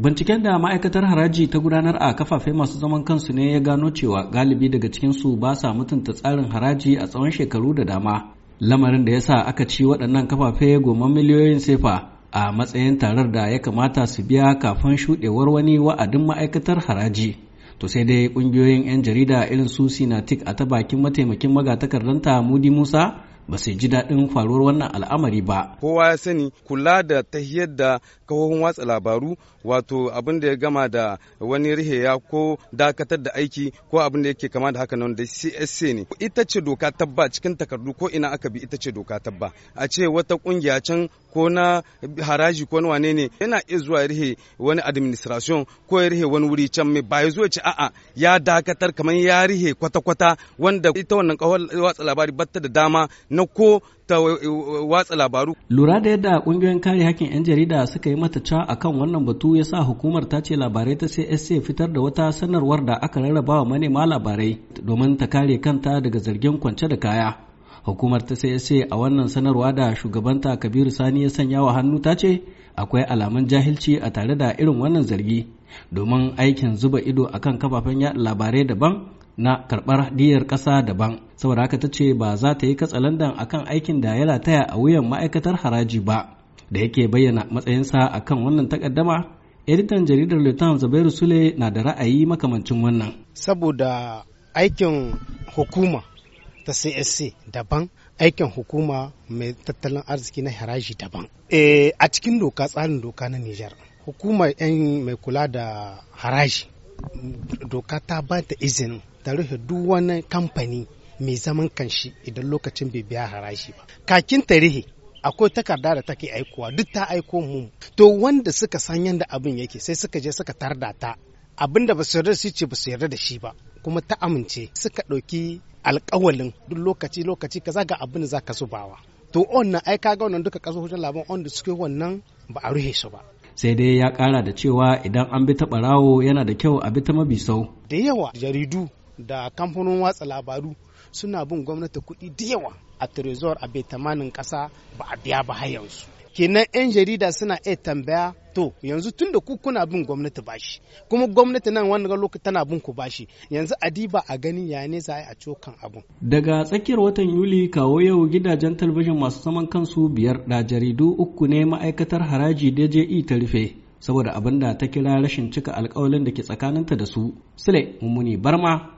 Binciken da ma'aikatar haraji ta gudanar a kafafe masu zaman kansu ne ya gano cewa galibi daga cikinsu ba sa mutunta tsarin haraji a tsawon shekaru da dama. Lamarin da ya sa aka ci waɗannan kafafe goma miliyoyin sefa a matsayin tarar da ya kamata su biya kafin shuɗewar wani wa'adin ma'aikatar haraji. To sai dai ƙungiyoyin 'yan jarida irin su Sinatik a ta bakin mataimakin magatakardanta Mudi Musa ba sai ji daɗin faruwar wannan al'amari ba. Kowa ya sani kula da tahiyar da kafofin watsa labaru wato abin da ya gama da wani riheya ko dakatar da aiki ko abin da yake kama da haka nan da CSC ne. Ita ce doka tabba cikin takardu ko ina aka bi ita ce doka tabba. A ce wata kungiya can ko na haraji ko na wane ne yana iya zuwa rihe wani administration ko ya rihe wani wuri can mai bayan zuwa ce a'a ya dakatar kamar ya rihe kwata-kwata wanda ita wannan kawar watsa labari batta da dama na ko ta uh, uh, watsa labaru. Lura da yadda kungiyoyin kare hakkin 'yan jarida suka yi mata ca kan wannan batu ya sa hukumar ta ce labarai ta CSC fitar da wata sanarwar da aka rarraba wa manema labarai domin ta kare kanta daga zargin kwance da kaya. Hukumar ta CSC a wannan sanarwa da shugabanta Kabiru Sani ya sanya wa hannu ta ce akwai alamun jahilci a tare da irin wannan zargi domin aikin zuba ido akan kafafen yaɗa labarai daban na karɓar diyar ƙasa daban saboda haka ta ce ba za ta yi katsalandan akan aikin da ya lataya a wuyan ma'aikatar haraji ba da yake bayyana matsayinsa akan wannan takaddama editan jaridar lieutenant zubairu sule na da ra'ayi makamancin wannan saboda aikin hukuma ta csc daban aikin hukuma mai tattalin arziki na haraji daban eh, a cikin doka tsarin doka na nijar hukumar 'yan mai kula da haraji doka ta ba ta izinin ta rufe duk wani kamfani mai zaman kanshi idan lokacin bai biya haraji ba kakin ta akwai takarda da take aikowa duk ta aiko mu to wanda suka san yadda abin yake sai suka je suka da ta abin da ba su yarda su ce ba su yarda da shi ba kuma ta amince suka ɗauki alkawalin duk lokaci lokaci kaza ga abin da za ka zubawa to on na ai kaga wannan duka kaso hujjar labar on da suke wannan ba a ruhe su ba sai dai ya kara da cewa idan an bi ta barawo yana da kyau a bi ta mabisau da yawa jaridu da kamfanin watsa labaru suna bin gwamnati kuɗi da yawa a trezor a betamanin kasa ba a biya ba har yanzu kenan 'yan jarida suna iya tambaya to yanzu tun da kuna bin gwamnati bashi kuma gwamnati nan wani lokaci tana bin ku bashi yanzu a adiba a gani ya ne za a cokan abun daga tsakiyar watan yuli kawo yau gidajen talabijin masu saman kansu biyar da jaridu uku ne ma'aikatar haraji da dje ta rufe saboda abin da ta kira rashin cika alkawalin da ke tsakaninta da su sule mummuni barma